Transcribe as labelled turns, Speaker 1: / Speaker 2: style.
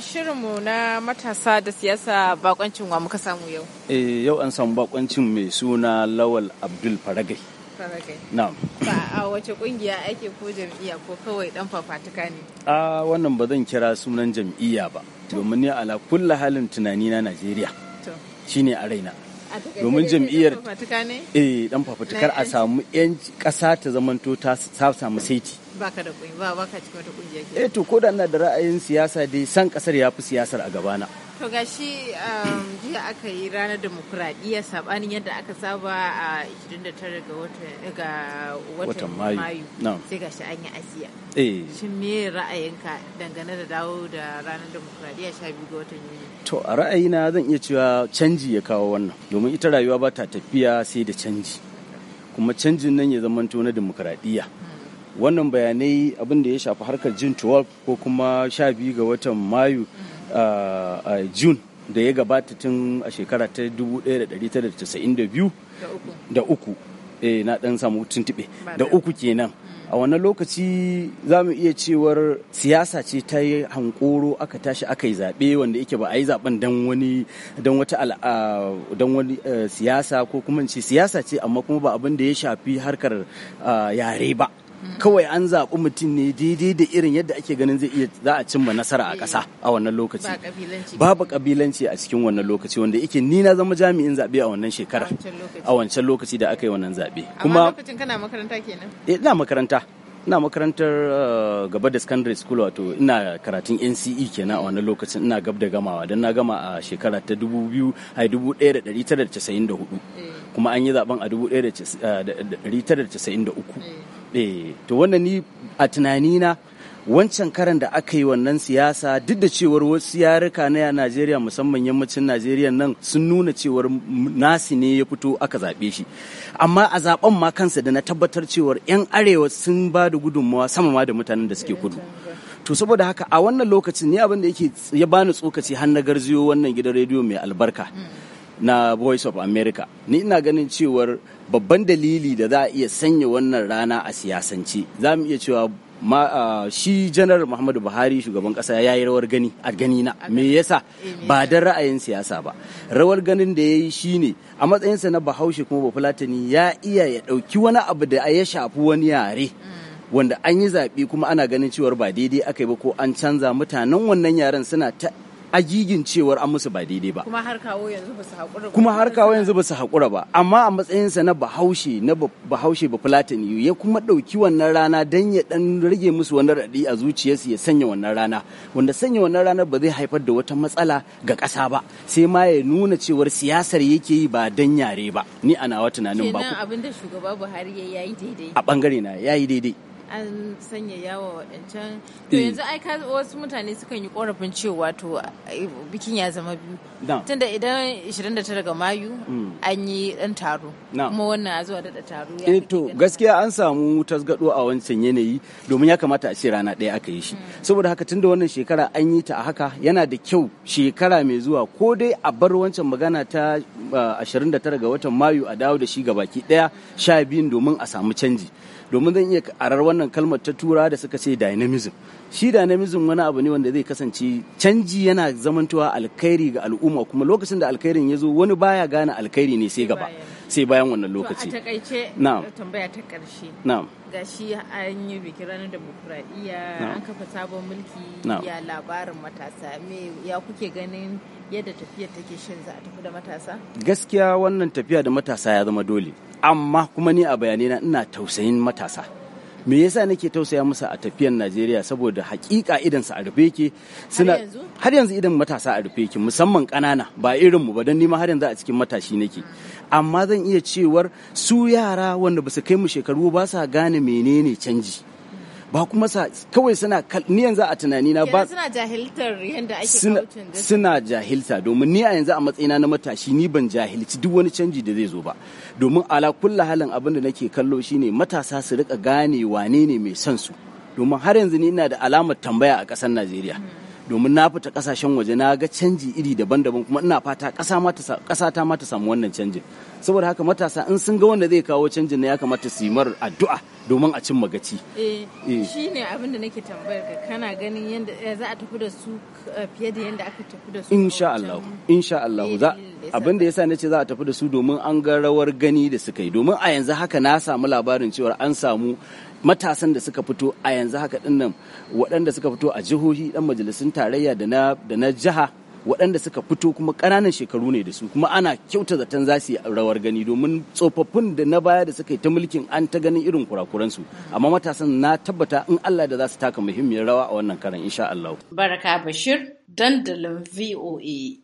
Speaker 1: shirinmu na matasa da siyasa bakoncin wa muka samu yau.
Speaker 2: Eh yau an samu bakoncin mai suna Lawal Abdul Faragai. Faragai. Na.
Speaker 1: a wace kungiya ake ko jam'iyya ko kawai dan fafatuka ne?
Speaker 2: A wannan ba zan kira sunan jam'iyya ba. Domin ni ala kulla halin tunani na Najeriya. Shine a raina.
Speaker 1: Domin jam'iyyar
Speaker 2: eh dan fafatukar a samu 'yan ƙasa ta zamanto ta samu saiti.
Speaker 1: baka da ba baka cikin wata kungiya ke eh
Speaker 2: to ko da ina da ra'ayin siyasa dai san kasar ya fi siyasar a gabana
Speaker 1: to gashi um, jiya aka yi ranar demokuraɗiyya sabanin yadda aka saba a 29 ga watan ga watan mayu sai gashi an yi asiya eh shin me ra'ayinka dangane da dawo da ranar demokuraɗiyya 12 ga watan yuni
Speaker 2: to a ra'ayina zan iya cewa canji ya kawo wannan domin ita rayuwa ba ta tafiya sai da canji kuma canjin nan ya zama na demokuraɗiyya hmm. wannan bayanai abin da ya shafi harkar june 12 ko kuma 12 ga watan mayu a june da ya gabata tun a shekara ta 1992 da uku e na dan samu tuntube da uku kenan a wannan lokaci za mu iya cewar siyasa ce ta yi hankoro aka tashi aka yi zaɓe wanda yake ba a yi zaɓen don wani don wata don wani siyasa ko kuma ce siyasa ce amma kuma ba abin da ya shafi harkar yare ba kawai an zaɓi mutum ne daidai da irin yadda ake ganin zai iya za a cimma nasara a ƙasa eh, a wannan lokaci babu kabilanci a cikin wannan lokaci wanda yake ni na zama jami'in zaɓe a wannan shekarar a wancan lokaci da aka yi wannan zaɓe kuma
Speaker 1: lokacin kana makaranta kenan
Speaker 2: eh, ina makaranta ina makarantar eh, gaba da secondary school wato ina karatun NCE kenan a wannan lokacin ina gab da gamawa don na gama a shekara ta 1994 kuma an yi zaben a 1993 Eh, to wannan ni a tunanina wancan karan da aka yi wannan siyasa duk da cewar wasu yaruka na Najeriya musamman yammacin Najeriya nan sun nuna cewar nasi ne ya fito aka zaɓe shi amma a zaɓen ma kansa da na tabbatar cewar 'yan arewa sun ba da gudunmawa sama ma da mutanen da suke kudu to saboda haka a wannan lokacin ni abin da yake ya bani tsokaci har na garziyo wannan gidan rediyo mai albarka na voice of america ni ina ganin cewar babban dalili da za a iya sanya wannan rana a siyasance za mu iya cewa ma shi janar muhammadu buhari shugaban kasa ya yi rawar gani a gani na me yasa ba don ra'ayin siyasa ba rawar ganin da ya yi shi ne a matsayinsa na bahaushe kuma bafulatani ya iya ya ɗauki wani abu da ya shafi wani yare wanda an yi zaɓe kuma ana ganin cewar ba daidai aka yi ba ko an canza mutanen wannan yaren suna ta agigin cewar an musu ba daidai ba kuma
Speaker 1: har kawo yanzu
Speaker 2: ba su haƙura ba amma a matsayinsa na bahaushe na bahaushe ba yu ya kuma ɗauki wannan rana dan ya ɗan rage musu wani raɗi a zuciyarsu ya sanya wannan rana wanda sanya wannan rana ba zai haifar da wata matsala ga ƙasa ba sai ma ya nuna cewar siyasar yake yi ba dan yare ba ni a nawa tunanin ba kenan
Speaker 1: abin da shugaba Buhari ya yi daidai a
Speaker 2: bangare na ya yi daidai
Speaker 1: an sanya yawa waɗancan to eh. yanzu ai ka wasu mutane sukan yi korafin cewa to eh, bikin ya zama biyu tunda idan 29 ga mayu hmm. an yi ɗan taro kuma wannan a zuwa daɗa taro ya eh,
Speaker 2: to gaskiya an samu tasgado a wancan yanayi domin ya kamata a ce rana ɗaya aka yi shi hmm. saboda haka tunda wannan shekara an yi ta a haka yana da kyau shekara mai zuwa ko dai a bar wancan magana ta 29 ga watan mayu a dawo da shi gabaki ɗaya sha biyun domin a samu canji domin zan iya karar wannan wannan kalmar ta tura da suka ce dynamism shi dynamism wani abu ne wanda zai kasance canji yana zamantowa alkhairi ga al'umma kuma lokacin da alkhairin ya zo wani baya gane alkhairi ne sai gaba sai bayan wannan lokaci a
Speaker 1: takaice tambaya ta karshe na'am an yi bikin ranar demokuraɗiyya an kafa sabon mulki ya labarin matasa me ya kuke ganin yadda tafiyar take shin za a tafi da matasa
Speaker 2: gaskiya wannan tafiya da matasa ya zama dole amma kuma ni a bayanina ina tausayin matasa me yasa nake tausaya musu a tafiyan Najeriya saboda hakika idan su a rufe yake suna har yanzu idan matasa a rufe yake musamman kanana ba irin mu ba dan nima har yanzu a cikin matashi nake amma zan iya cewar su yara wanda basu kai mu shekaru ba sa gane menene canji ba kuma sa kawai suna ni yanzu a tunani na ba
Speaker 1: suna jahiltar yanda ake suna, suna
Speaker 2: jahilta domin ni a yanzu a matsayina na matashi ni ban jahilci duk wani canji da zai zo ba domin ala kullu halin abin da nake kallo shine matasa su rika gane wane ne mai son su domin har yanzu ni ina da alamar tambaya a ƙasar Najeriya. Hmm. domin na fita kasashen waje na ga canji iri daban-daban kuma ina fata ƙasa ta ma ta samu wannan canjin saboda haka matasa in sun ga wanda zai kawo canjin na ya kamata su yi mar addu'a domin a cimma gaci.
Speaker 1: Eh, eh. shi ne abin da nake tambayar ka kana ganin yadda eh, za a tafi da su fiye da yadda aka tafi da su
Speaker 2: insha Allah insha Allah za abin da yasa nace za a tafi da su domin an ga rawar gani da suka yi domin a yanzu haka na samu labarin cewa an samu matasan da suka fito a yanzu haka dinnan waɗanda suka fito a jihohi ɗan majalisun tarayya da na jiha waɗanda suka fito kuma ƙananan shekaru ne da su kuma ana kyauta zaton za su yi rawar gani domin tsofaffin da na baya da suka yi ta mulkin an ta ganin irin kurakuransu amma matasan na tabbata in Allah da za su taka muhimmiyar rawa a wannan karan insha Allah.
Speaker 1: Baraka Bashir dandalin VOA.